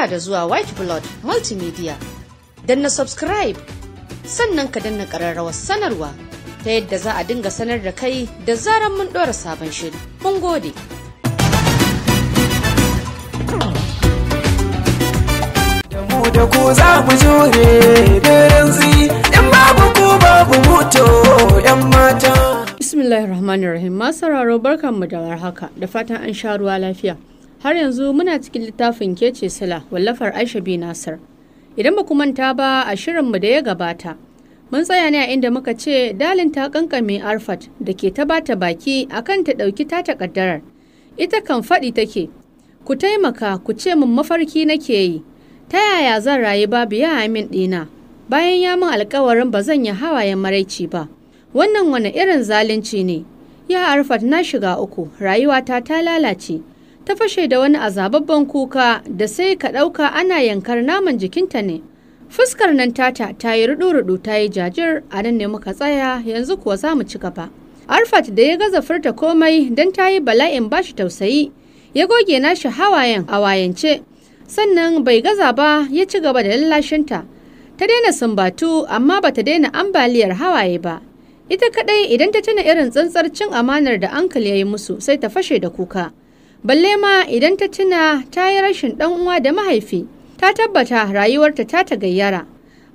Barka da zuwa White Blood Multimedia. Danna subscribe sannan ka danna ƙararrawar sanarwa ta yadda za a dinga sanar da kai da zaran mun ɗora sabon shiri. Mun gode. da ku za mu jure daren zi yan babu ku babu mutu yan mata. Masararo mu da warhaka da fatan an sha ruwa lafiya. Har yanzu muna cikin littafin Kece Sila wallafar Aisha B. nasar Idan ba manta ba a shirinmu da ya gabata. Mun tsaya ne a inda muka ce dalin ta kankame Arfat da ke ta bata baki akan ta ɗauki ta takaddarar. Ita kan faɗi take, ku taimaka ku ce min mafarki nake yi. Ta yaya zan rayu babu ya min ɗina bayan ya min alkawarin ba zan yi hawayen maraici ba. Wannan wani irin zalunci ne. Ya Arfat na shiga uku, rayuwata ta lalace. ta fashe da wani azababban kuka da sai ka ɗauka ana yankar naman jikinta ne. Fuskar nan tata ta yi rudu-rudu ta yi jajir a nan ne muka tsaya yanzu kuwa za mu ci gaba. Arfat da ya gaza furta komai don ta yi bala'in ba shi tausayi ya goge nashi hawayen a wayance sannan bai gaza ba ya ci gaba da lallashinta. Ta daina sumbatu amma ba ta daina ambaliyar hawaye ba. Ita kadai idan ta tuna irin tsantsar cin amanar da ankali ya yi musu sai ta fashe da kuka. balle ma idan ta tuna ta yi rashin ɗan uwa da mahaifi ta tabbata rayuwarta ta ta gayyara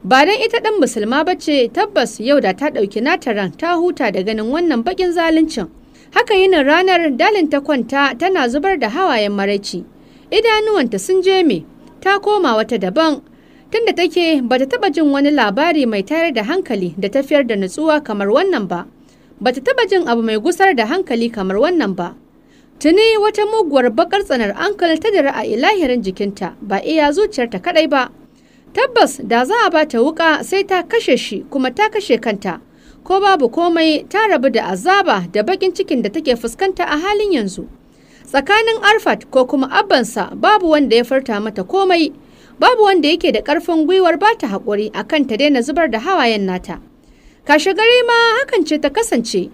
ba dan ita dan musulma ba ce tabbas yau da ta ɗauki nata ran ta huta da ganin wannan baƙin zaluncin haka yinin ranar dalin ta kwanta tana zubar da hawayen maraici idanuwanta sun je me ta koma wata daban tunda take bata taba jin wani labari mai tayar da hankali da tafiyar da nutsuwa kamar wannan ba bata taba jin abu mai gusar da hankali kamar wannan ba Tuni wata muguwar bakar tsanar ankal ta da ra'ayi lahirin jikinta ba iya zuciyarta kadai ba. Tabbas da za a bata wuka sai ta kashe shi kuma ta kashe kanta. Ko babu komai ta rabu da azaba da bakin cikin da take fuskanta a halin yanzu. Tsakanin Arfat ko kuma abbansa babu wanda ya farta mata komai. Babu wanda yake da ƙarfin gwiwar ba ta haƙuri akan ta daina zubar da hawayen nata. Kashe gari ma hakan ce ta kasance.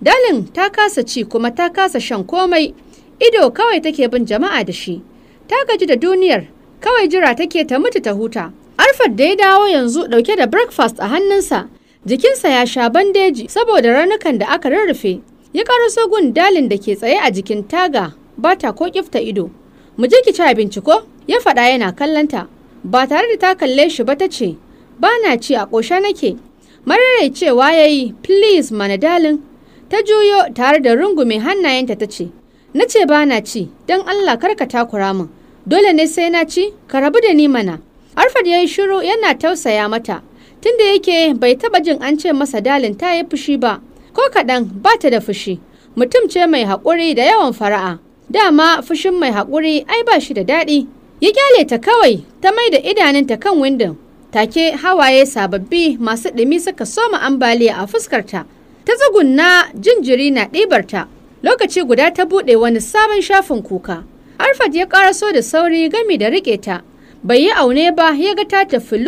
Dalin ta kasa ci kuma ta kasa shan komai, ido kawai take bin jama'a da shi. Ta gaji da duniyar, kawai jira take ta mutu ta huta. Arfar da ya dawo yanzu dauke da breakfast a hannunsa, jikinsa ya sha bandeji saboda ranukan da aka rarrafe, Ya karaso gun dalin da ke tsaye a jikin taga, ba ta ko kifta ido. Mu je ki ci abinci ko? Ya faɗa yana kallanta. Ba tare da ta kalle shi ba ta ce, ba na ci a ƙosha nake. Mararai cewa ya yi, please mana dalin, ta juyo tare da rungume hannayenta ta ce na ce ba na ci don allah kar ka takura min dole ne sai na ci ka rabu da ni mana arfad ya yi shiru yana tausaya mata tunda yake bai taba jin an ce masa dalin ta yi fushi ba ko kaɗan ba ta da fushi mutum ce mai haƙuri da yawan fara'a dama fushin mai haƙuri ai ba shi da daɗi ya kyale ta kawai ta mai da idanunta kan windon take hawaye sababbi masu ɗumi suka soma ambaliya a fuskarta ta tsugunna jinjiri na ɗibarta lokaci guda ta buɗe wani sabon shafin kuka arfat ya ƙaraso da sauri gami da riƙe ta bai yi aune ba ya ga ta tafi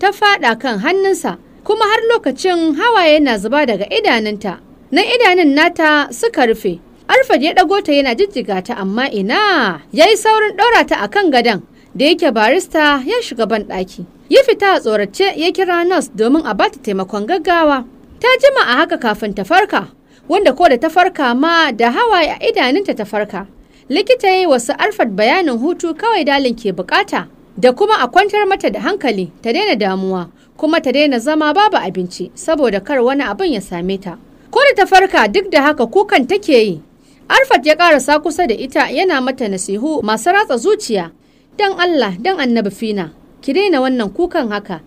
ta faɗa kan hannunsa kuma har lokacin hawaye na zuba daga idanunta Na idanun nata suka rufe arfat ya ɗago ta yana jijjiga ta amma ina ya yi saurin ɗora ta akan gadon da yake barista ya shiga ban ɗaki ya fita a tsorace ya kira nas domin a bata taimakon gaggawa ta jima a haka kafin ta farka wanda ko da ta farka ma da hawaye a idanunta ta farka likita yi wasu arfat bayanin hutu kawai dalin ke bukata da kuma a kwantar mata da hankali ta daina damuwa kuma ta daina zama babu abinci saboda kar wani abin ya same ta ko da ta farka duk da haka kukan take yi arfat ya karasa kusa da ita yana mata nasihu masu ratsa zuciya dan allah dan annabi fina ki daina wannan kukan haka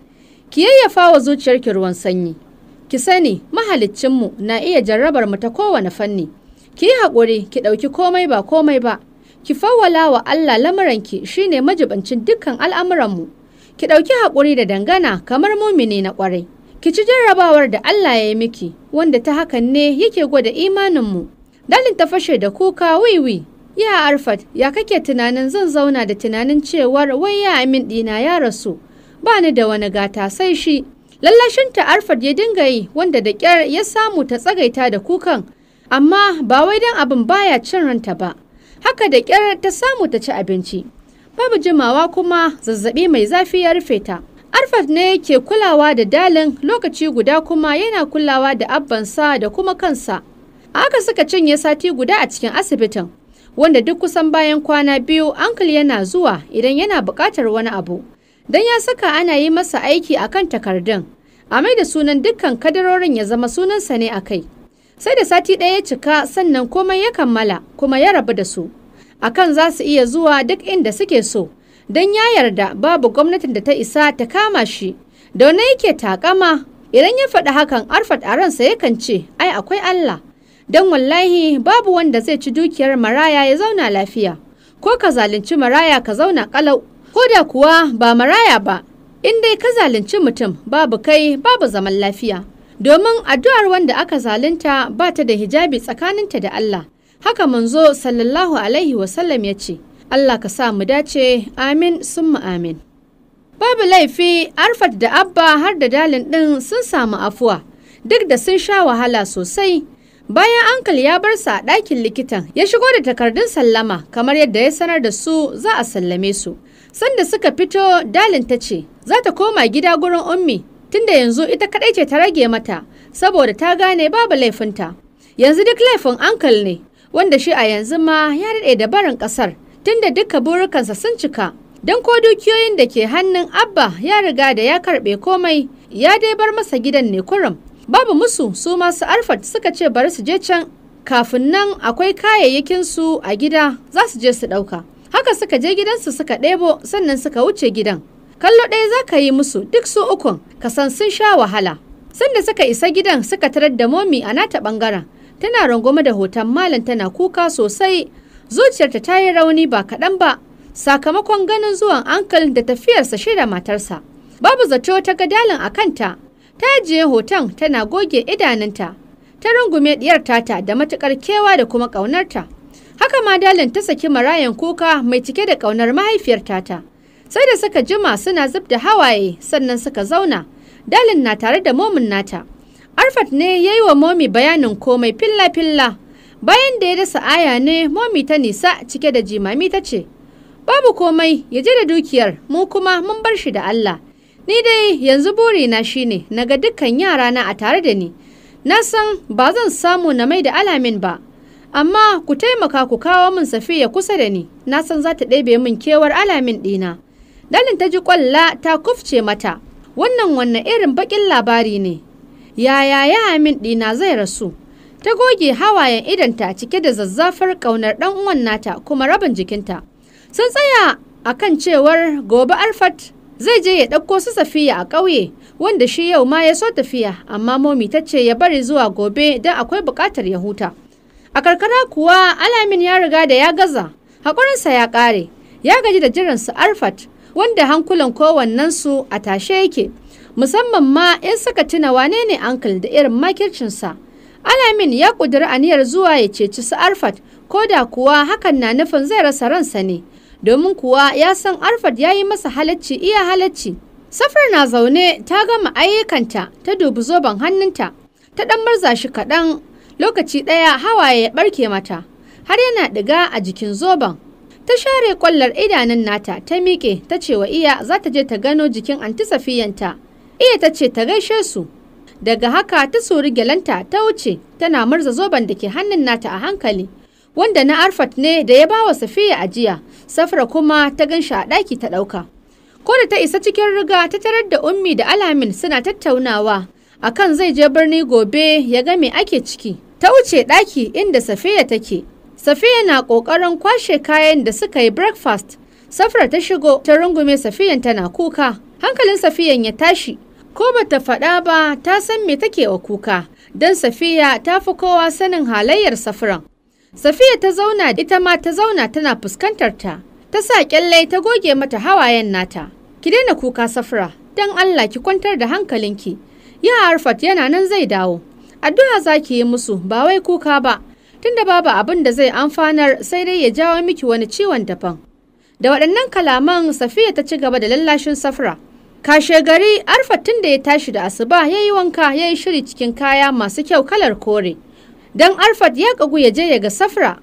ki yayyafa wa zuciyarki ruwan sanyi Ki sani mahaliccinmu na iya jarrabar mu ta kowane fanni. Ki yi haƙuri ki ɗauki komai ba komai ba. Ki fawwala wa Allah lamuranki shine majibancin dukkan al'amuranmu. Ki ɗauki haƙuri da dangana kamar mumini na ƙwarai. Ki ci jarrabawar da Allah ya yi miki wanda ta hakan ne yake gwada imaninmu. Dalin ta fashe da kuka wiwi. Ya Arfat, ya kake tunanin zan zauna da tunanin cewar wai ya amin dina ya rasu. Ba ni da wani gata sai shi. Lallashin ta Arfad ya dinga yi wanda da kyar ya samu ta tsagaita da kukan, amma ba wai don abin baya cin ranta ba. Haka da kyar ta samu ta ci abinci. Babu jimawa kuma zazzabi mai zafi ya rufe ta. Arfat ne ke kulawa da dalin lokaci guda kuma yana kulawa da abbansa da kuma kansa. Aka suka cinye sati guda a cikin asibitin, wanda duk kusan bayan kwana biyu ankul yana zuwa idan yana bukatar wani abu. don ya saka ana yi masa aiki a kan takardun a mai da sunan dukkan kadarorin ya zama sunansa ne a kai sai da sati ɗaya ya cika sannan komai ya kammala kuma ya rabu da su a kan za su iya zuwa duk inda suke so don ya yarda babu gwamnatin da ta isa ta kama shi da wani yake takama idan ya faɗi hakan arfat a ransa yakan ce ai akwai allah don wallahi babu wanda zai ci dukiyar maraya ya zauna lafiya ko ka zalunci maraya ka zauna ƙalau? ko da kuwa ba maraya ba in dai ka zalunci mutum babu kai babu zaman lafiya domin addu'ar wanda aka zalunta ba ta da hijabi tsakaninta da Allah haka manzo sallallahu alaihi wasallam ya ce Allah ka sa mu dace amin summa amin babu laifi arfat da abba har da dalin ɗin sun samu afuwa duk da sun sha wahala sosai Bayan ankal ya bar sa a ɗakin likitan ya shigo da takardun sallama kamar yadda ya sanar da su za a sallame su. Sanda suka fito dalin ta ce za ta koma gida gurin ummi tunda yanzu ita kaɗai ce ta rage mata saboda ta gane babu laifinta. Yanzu duk laifin ankal ne wanda shi a yanzu ma ya daɗe da barin ƙasar tunda duka burukansa sun cika. Don ko dukiyoyin da ke hannun Abba ya riga da ya karɓe komai ya dai bar masa gidan ne kurum babu musu su masu arfat suka ce bari su je can kafin nan akwai kayayyakinsu a gida za su je su ɗauka haka suka je gidansu suka ɗebo sannan suka wuce gidan kallo ɗaya za ka yi musu duk su ukun kasan sun sha wahala sanda suka isa gidan suka tarar da momi a nata ɓangaren tana rangwame da hoton malam tana kuka sosai zuciyarta ta yi rauni ba kaɗan ba sakamakon ganin zuwan ankal da tafiyarsa shida matarsa babu zato ta ga dalin a kanta ta ajiye hoton tana goge idanunta ta rungume diyar tata da matukar kewa da kuma ƙaunarta haka ma dalin ta saki marayan kuka mai cike da ƙaunar mahaifiyar tata sai da suka jima suna zub da hawaye sannan suka zauna dalin na tare da momin nata arfat ne ya yi wa momi bayanin komai filla-filla bayan da ya dasa aya ne momi ta nisa cike da jimami ta ce babu komai ya je da dukiyar mu kuma mun bar shi da allah Ni dai yanzu burina shine na ga dukkan yarana a tare da ni. Na san ba zan samu na mai da alamin ba, amma ku taimaka ku kawo min safiya kusa da ni, na san za ta ɗebe min kewar alamin ɗina. Dalin ta ji ƙwalla ta kufce mata, wannan wanne irin baƙin labari ne. Yaya ya min ɗina zai rasu? Ta goge hawayen idanta cike da zazzafar ƙaunar ɗan uwan nata kuma rabin jikinta. Sun tsaya akan cewar gobe alfat zai je ya ɗauko su safiya a ƙauye wanda shi yau ma ya so tafiya amma momi ta ce ya bari zuwa gobe don akwai buƙatar ya huta a karkara kuwa alamin ya riga da ya gaza haƙurinsa ya ƙare ya gaji da jiran su arfat wanda hankulan kowannensu a tashe yake musamman ma in suka tuna wane ne ankle da irin makircinsa alamin ya ƙudiri aniyar zuwa ya ceci su arfat ko da kuwa hakan na nufin zai rasa ransa ne domin kuwa ya san Arfad ya yi masa halacci iya halacci. Safar na zaune ta gama ayyukanta ta dubi zoben hannunta, ta ɗan marza shi kaɗan lokaci ɗaya hawaye ya ɓarke mata, har yana ɗiga a jikin zoben. Ta share ƙwallar idanun nata ta miƙe ta ce wa iya za ta je ta gano jikin antisafiyanta. Iya ta ce ta gaishe su. Daga haka ta suri gyalanta ta wuce tana murza zoben da ke hannun nata a hankali, wanda na Arfat ne da ya ba wa Safiya ajiya. safra kuma ta gan shi a ɗaki ta ɗauka ko da ta isa cikin riga ta tarar da ummi da alamin suna tattaunawa a kan zai je birni gobe ya ga me ake ciki ta wuce ɗaki inda safiya take safiya na ƙoƙarin kwashe kayan da suka yi breakfast safra ta shigo ta rungume safiyan tana kuka hankalin safiyan ya tashi ko bata faɗa ba ta san me take wa kuka don safiya ta fi kowa sanin halayyar safran Safiya ta zauna ita ma ta zauna tana fuskantar ta. Ta sa kyalle ta goge mata hawayen nata. Ki daina kuka safra, dan Allah ki kwantar da hankalinki. Ya Arfat yana nan zai dawo. Addu'a za ki yi musu ba wai kuka ba. Tunda babu abin da zai amfanar sai dai ya jawo miki wani ciwon daban. Da waɗannan kalaman Safiya ta ci gaba da lallashin safra. Kashe gari Arfat tunda ya tashi da asuba ya yi wanka ya yi shiri cikin kaya masu kyau kalar kore. don arfat ya kagu ya je ya ga safra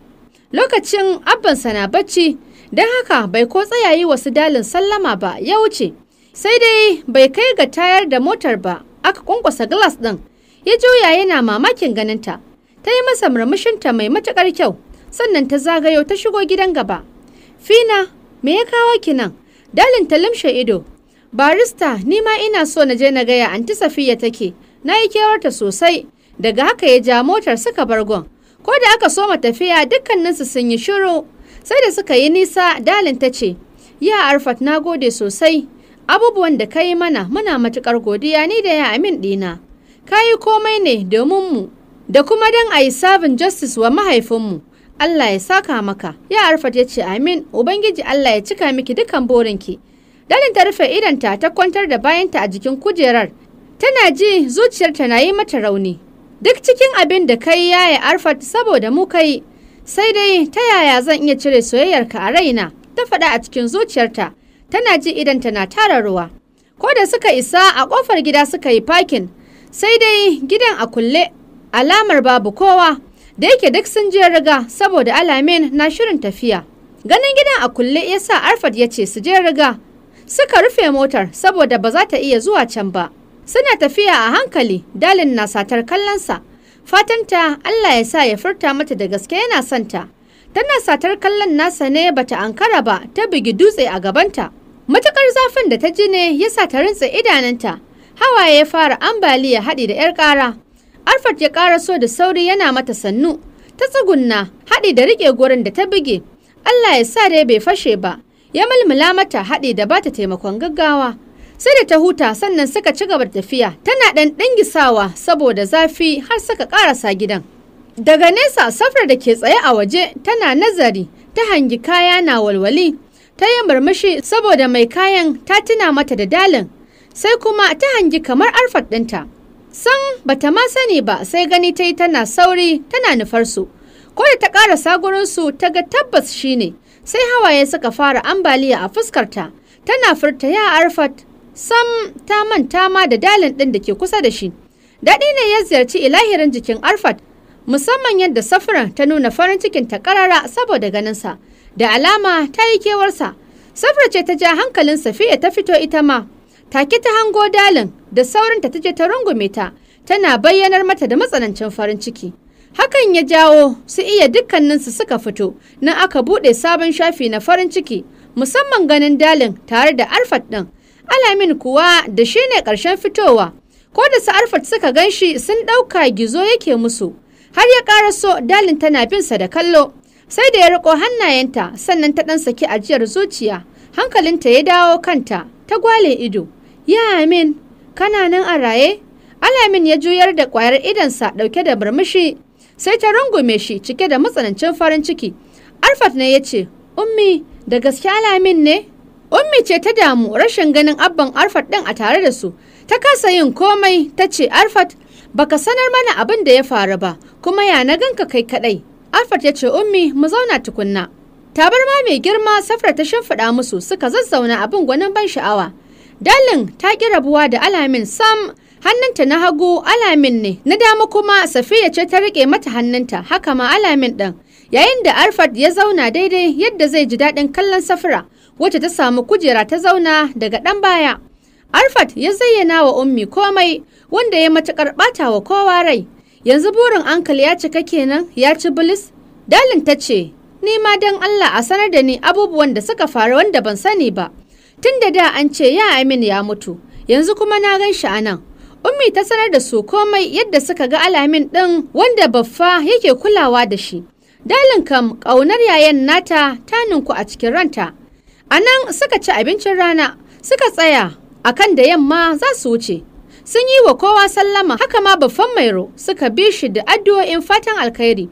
lokacin abbansa na bacci don haka bai ko tsayayi wasu dalin sallama ba ya wuce sai dai bai kai ga tayar da motar ba aka kunkwasa glass din ya juya yana mamakin ganinta ta yi masa murmushinta mai matukar kyau sannan ta zagayo ta shigo gidan gaba fina me ya kawo ki nan dalin ta limshe ido barista ni ma ina so na je na gaya anti safiya take na yi kewarta sosai daga haka ya ja motar suka bar gon ko da aka soma tafiya dukkaninsu sun yi shiru sai da suka yi nisa dalin ta ce ya arfat na gode sosai abubuwan da ka yi mana muna matukar godiya ni da ya amin ɗina ka yi komai ne domin mu da kuma don a yi sabin justice wa mahaifinmu Allah ya saka maka ya arfat ya ce amin ubangiji Allah ya cika miki dukkan borinki dalin ta rufe idanta ta kwantar da bayanta a jikin kujerar tana ji zuciyarta na yi mata rauni duk cikin abin da kai yaya arfat saboda mu kai sai dai ta yaya zan iya cire soyayyarka a raina ta faɗa a cikin zuciyarta tana ji idan tana tara ruwa ko da suka isa a ƙofar gida suka yi fakin sai dai gidan a kulle alamar babu kowa da yake duk sun je riga saboda alamin na shirin tafiya ganin gidan a kulle yasa arfat ya ce su je riga suka rufe motar saboda ba za ta iya zuwa can ba Suna tafiya a hankali, dalin na satar kallonsa. Fatanta Allah ya sa ya furta mata da gaske yana santa. Tana satar kallon nasa ne bata ankara ba ta bugi dutse a gabanta. Matukar zafin da ta ji ne ya sa ta rintse idananta. Hawaye ya fara ambaliya haɗi da 'yar ƙara. arfar ya ƙara so da sauri yana mata sannu. Ta tsugunna haɗi da riƙe gurin da ta buge. Allah ya sa dai bai fashe ba. Ya mulmula mata haɗi da bata taimakon gaggawa. sai da ta huta sannan suka ci gaba tafiya tana ɗan ɗangisawa saboda zafi har suka ƙarasa gidan daga nesa safar da ke tsaye a waje tana nazari ta hangi kaya na walwali ta yi murmushi saboda mai kayan ta tuna mata da dalin sai kuma ta hangi kamar arfat ɗinta san bata ma sani ba sai gani ta yi tana sauri tana nufar su ko da ta ƙarasa gurinsu ta ga tabbas shine sai hawaye suka fara ambaliya a fuskarta tana furta ya arfat sam ta manta ma da dalin ɗin da ke kusa da shi daɗi ne ya ziyarci ilahirin jikin arfat musamman yadda safiran ta nuna farin cikin ta karara saboda ganinsa da alama ta yi kewarsa safra ce ta ja hankalin safiya ta fito ita ma take ta hango dalin da saurinta ta je ta rungume ta tana bayyanar mata da matsanancin farin ciki hakan ya jawo su iya dukkaninsu suka fito na aka buɗe sabon shafi na farin ciki musamman ganin dalin tare da arfat ɗin alamin kuwa da shi ne ƙarshen fitowa ko da sa'arfat suka gan shi sun ɗauka gizo yake musu har ya ƙara so dalin tana bin sa da kallo sai da ya riko hannayenta sannan ta ɗan saki ajiyar zuciya hankalinta ya dawo kanta ta gwale ido ya amin kana nan a raye alamin ya juyar da ƙwayar idonsa ɗauke da burmushi sai ta rungume shi cike da matsanancin farin ciki arfat ne ya ce ummi da gaske alamin ne Ummi ce ta damu rashin ganin abban Arfat ɗin a tare da su. Ta kasa yin komai ta ce Arfat baka sanar mana abin da ya faru ba kuma ya na ganka kai kaɗai. Arfat ya ce Ummi mu zauna tukunna. ma mai girma safra ta shimfiɗa musu suka zazzauna abin gwanin ban sha'awa. Dalin ta ƙi rabuwa da alamin sam hannunta na hagu alamin ne na dama kuma safiya ce ta riƙe mata hannunta haka ma alamin ɗin yayin da arfat ya zauna daidai yadda zai ji daɗin kallon safira wacce ta samu kujera ta zauna daga ɗan baya. Arfat ya zayyana wa ummi komai wanda ya matuƙar ɓata wa kowa rai. Yanzu burin ankal ya cika kenan ya ci bilis. Dalin ta ce, ni ma don Allah a sanar da ni abubuwan da suka faru wanda ban sani ba. Tun da da an ce ya Amin ya mutu, yanzu kuma na gan shi a nan. Ummi ta sanar da su komai yadda suka ga alamin ɗin wanda baffa yake kulawa da shi. Dalin kam ƙaunar yayan nata ta ninku a cikin ranta. A nan suka ci abincin rana, suka tsaya a kan da yamma za su wuce. Sun yi wa kowa sallama haka ma babban mairo suka bi shi da addu'o'in fatan alkhairi.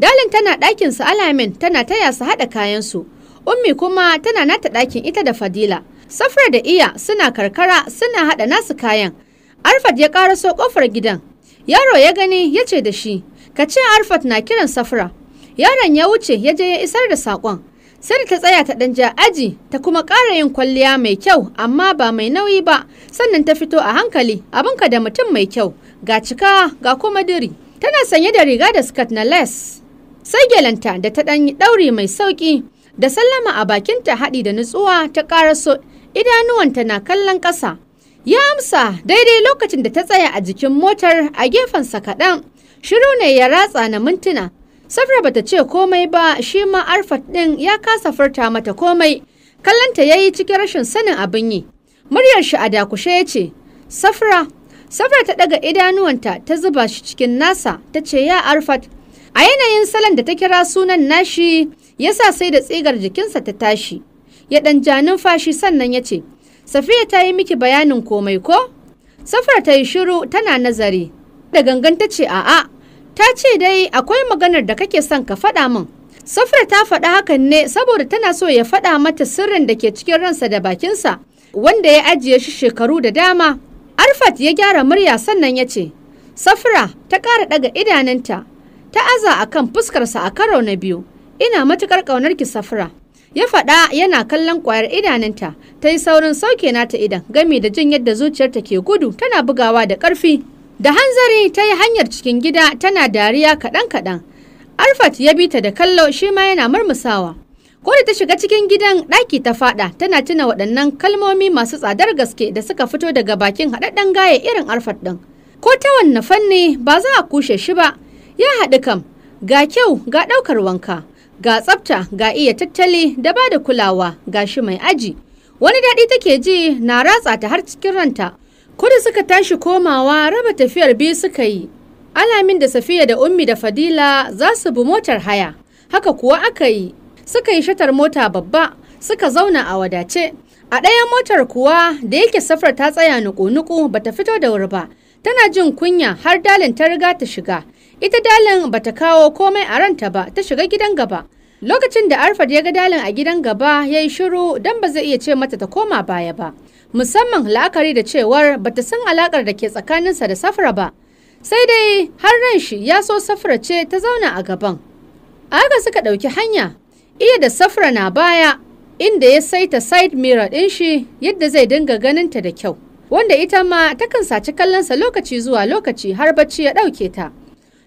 Dalin tana ɗakin su alamin tana taya su haɗa kayansu. Ummi kuma tana nata ɗakin ita da Fadila. Safra da Iya suna karkara suna haɗa nasu kayan. Arfat ya ƙaraso ƙofar gidan. Yaro ya gani ya ce da shi, ka ce Arfat na kiran Safra. Yaron ya wuce ya je ya isar da saƙon. sai ta tsaya ta ɗan ja aji ta kuma ƙara yin kwalliya mai kyau amma ba mai nauyi ba sannan ta fito a hankali ka da mutum mai kyau ga cika ga kuma diri tana sanye da riga da skirt na les sai gelanta da ta ɗan ɗauri mai sauƙi da sallama a bakinta haɗi da nutsuwa ta ƙaraso idanuwanta na kallon ƙasa ya amsa daidai lokacin da ta tsaya a jikin motar a gefen sa kaɗan shiru ne ya ratsa na mintuna Safra bata ce komai ba shi ma Arfat ɗin ya kasa furta mata komai. Kallanta ya yi cikin rashin sanin abin yi. Muryar shi a dakushe ya ce, Safra, Safra ta ɗaga idanuwanta ta zuba shi cikin nasa ta ce ya Arfat. A yanayin salon da ta kira sunan nashi ya sa sai da tsigar jikinsa ta tashi. Ya ɗan ja numfashi sannan ya ce, Safiya ta yi miki bayanin komai ko? Safra ta yi shiru tana nazari. Da gangan ta ce a'a. ta ce dai akwai maganar da kake son ka faɗa min safra ta faɗa hakan ne saboda tana so ya faɗa mata sirrin da ke cikin ransa da bakinsa wanda ya ajiye shi shekaru da dama arfat ya gyara murya sannan ya ce safra ta ƙara ɗaga idanunta ta aza a kan fuskarsa a karo na biyu ina matuƙar ki safra ya faɗa yana kallon kwayar idanunta ta yi saurin sauke nata idan gami da jin yadda zuciyarta ke gudu tana bugawa da ƙarfi Da hanzari ta yi hanyar cikin gida tana dariya kaɗan-kaɗan. Arfat ya bi ta da kallo shi ma yana murmusawa. Ko da ta shiga cikin gidan ɗaki ta faɗa tana tuna waɗannan kalmomi masu tsadar gaske da suka fito daga bakin haɗaɗɗen gaya irin Arfat ɗin. Ko ta wanne fanni ba za a kushe shi ba, ya haɗu kam ga kyau ga ɗaukar wanka, ga tsafta ga iya tattali da ba da kulawa ga shi mai aji. Wani daɗi take ji na ratsa ta har cikin ranta. Kudu suka tashi komawa raba tafiyar biyu suka yi. Alamin da Safiya da Ummi da Fadila za su bi motar haya. Haka kuwa aka yi. Suka yi shatar mota babba, suka zauna a wadace. A ɗayan motar kuwa da yake safar ta tsaya nuku-nuku ta fito da wuri ba. Tana jin kunya har dalin ta riga ta shiga. Ita dalin bata kawo komai a ranta ba, ta shiga gidan gaba. Lokacin da Arfad ya ga dalin a gidan gaba ya yi shiru don ba zai iya ce mata ta koma baya ba. musamman la'akari da cewar bata san alakar da ke tsakaninsa da safra ba sai dai har ran shi ya so safra ce ta zauna a gaban aka suka ɗauki hanya iya da safra na baya inda ya saita side mirror ɗin shi yadda zai dinga ganin ta da kyau wanda ita ma takan saci sa lokaci zuwa lokaci har bacci ya ɗauke ta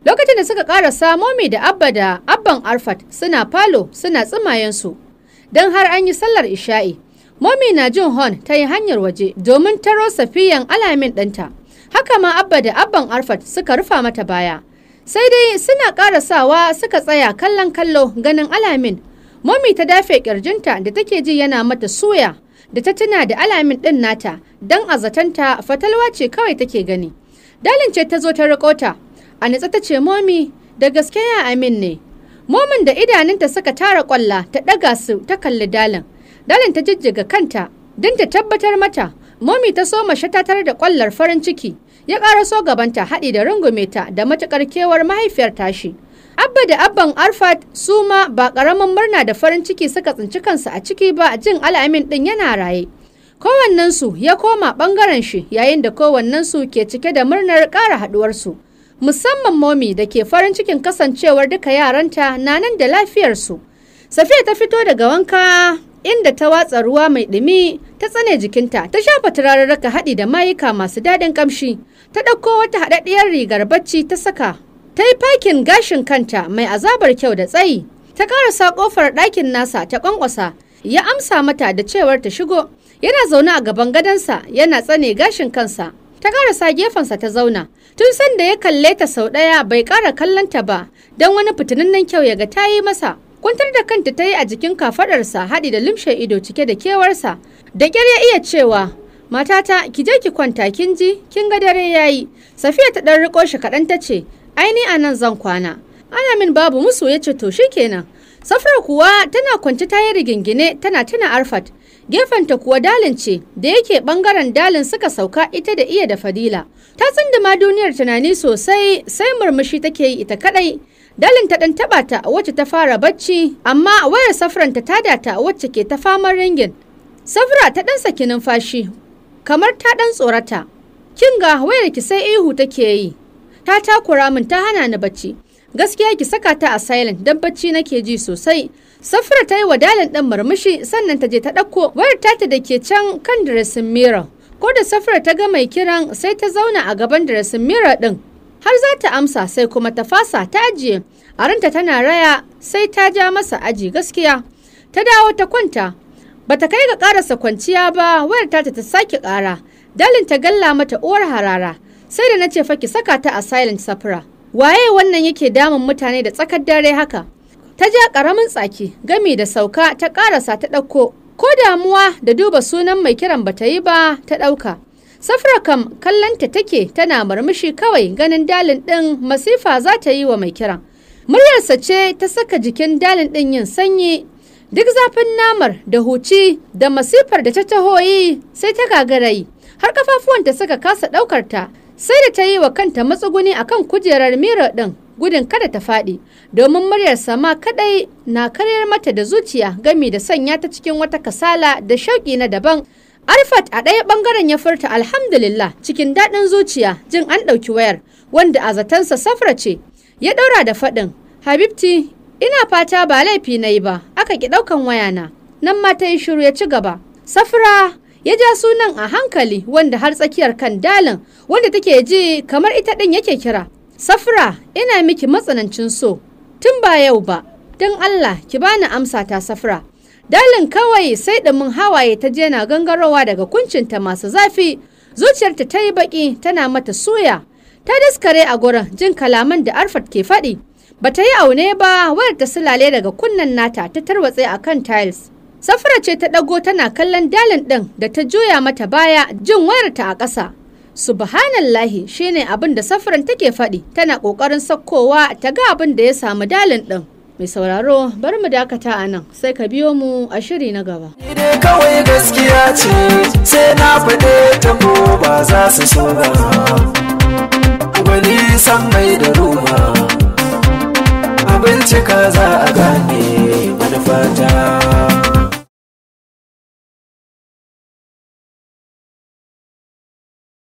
lokacin da suka samo momi da abba da abban arfat suna falo suna tsimayensu don har an yi sallar isha'i Momi na jin hon ta yi hanyar waje domin taro safiyan alamin ɗanta. Haka ma Abba da Abban Arfat suka rufa mata baya. Sai dai suna ƙarasawa suka tsaya kallon kallo ganin alamin. Momi ta dafe ƙirjinta da take ji yana mata suya da ta tuna da alamin ɗin nata don a zatanta fatalwa ce kawai take gani. Dalin ce ta zo ta rikota. ta. A nitsa ta ce Momi da gaske ya amin ne. Momin da idanunta suka tara kwalla ta ɗaga su ta kalli dalin. Dalin ta jijjiga kanta don ta tabbatar mata momi ta soma shatatar da kwallar farin ciki ya so gabanta haɗi da rungume ta da matuƙar kewar mahaifiyar tashi. Abba da abban Arfat su ma ba ƙaramin murna da farin ciki suka tsinci kansu a ciki ba jin al'amin ɗin yana raye. Kowannensu ya koma ɓangaren shi yayin da kowannensu ke cike da murnar ƙara haɗuwarsu. Musamman momi da ke farin cikin kasancewar duka yaranta na nan da lafiyarsu. Safiya ta fito daga wanka inda ta watsa ruwa mai ɗumi ta tsane jikinta ta shafa turararraka haɗi da mayuka masu daɗin ƙamshi ta ɗauko wata haɗaɗɗiyar rigar bacci ta saka ta yi fakin gashin kanta mai azabar kyau da tsayi ta karasa ƙofar ɗakin nasa ta ƙwanƙwasa ya amsa mata da cewar ta shigo yana zaune a gaban gadonsa yana tsane gashin kansa ta karasa gefensa ta zauna tun sanda ya kalle ta sau ɗaya bai ƙara kallonta ba don wani fitinannen kyau ya ga ta yi masa Kuntar da kanta ta yi a jikin kafadarsa haɗi da limshe ido cike da kewarsa. Da ƙyar ya iya cewa, matata ki je ki kwanta kin ji kin ga dare ya yi Safiya ta ɗan riko shi kaɗan ta ce, aini a nan zan kwana. Ana min babu musu ya ce to shi kenan. Safar kuwa tana kwanci ta yi rigingine tana tuna Arfat. Gefenta kuwa dalin ce da yake bangaren dalin suka sauka ita da iya da fadila. Ta ma duniyar tunani sosai sai murmushi take yi ita kadai. Dalin ta ɗan taba ta wacce ta fara bacci, amma wayar safran ta data ta wacce ke ta faman ringin. Safra ta ɗan saki numfashi, kamar ta ɗan tsorata. Kin ga wayar ki sai ihu take yi. Ta takura min ta hana ni bacci. Gaskiya ki saka ta a silent dan bacci nake ji sosai. Safra ta yi wa dalin ɗan murmushi sannan ta je ta ɗauko wayar tata da ke can kan dressing mirror. Ko da Safra ta ga mai kiran sai ta zauna a gaban dressing mirror ɗin. har za ta amsa sai kuma ta fasa ta ajiye a ranta tana raya sai ta ja masa aji gaskiya ta dawo ta kwanta ba ta kai ga karasa kwanciya ba wayar ta ta sake kara dalin ta galla mata uwar harara sai da na ce faki saka ta a silent safra waye wannan yake damun mutane da tsakar dare haka ta ja karamin tsaki gami da sauka ta karasa ta ɗauko ko damuwa da duba sunan mai kiran ba ta yi ba ta ɗauka Safra kam kallanta take tana murmushi kawai ganin dalin ɗin masifa za ta yi wa mai kiran. Muryarsa ce ta saka jikin dalin ɗin yin sanyi duk zafin namar da huci da masifar da ta taho sai ta gagarayi har kafafuwanta suka kasa ɗaukar ta sai da ta yi wa kanta matsuguni akan kujerar miro ɗin gudun kada ta faɗi domin muryarsa ma kaɗai na karyar mata da zuciya gami da sanya ta cikin wata kasala da shauƙi na daban Arifat a ɗaya ɓangaren ya furta alhamdulillah cikin daɗin zuciya jin an ɗauki wayar wanda a zatansa safra ce ya ɗaura da faɗin Habibti ina fata ba laifi na yi ba aka ki ɗaukan wayana nan ma ta yi shiru ya ci gaba. Safra ya ja sunan a hankali wanda har tsakiyar kan dalin wanda take ji kamar ita ɗin yake kira. Safra ina miki matsanancin so tun ba yau ba don Allah ki bani amsa ta Safra. Dalin kawai sai ɗumin hawaye ta je na gangarowa daga kuncinta masu zafi, zuciyarta ta yi baƙi tana mata suya. Ta daskare a gurin jin kalaman da Arfat ke faɗi. Ba ta yi aune ba wayar ta sulale daga kunnen nata ta tarwatse a kan tiles. safara ce ta ɗago tana kallon dalin ɗin da ta juya mata baya jin wayarta a ƙasa. Subhanallahi shine abin da safaran take faɗi tana ƙoƙarin sakkowa ta ga abin da ya samu dalin ɗin. mai sauraro bar mu dakata a nan sai ka biyo mu a shiri na gaba. Ide kawai gaskiya ce sai na faɗe ta ko ba za su so ba. Wani san mai da ruwa abincika za a gane manufata.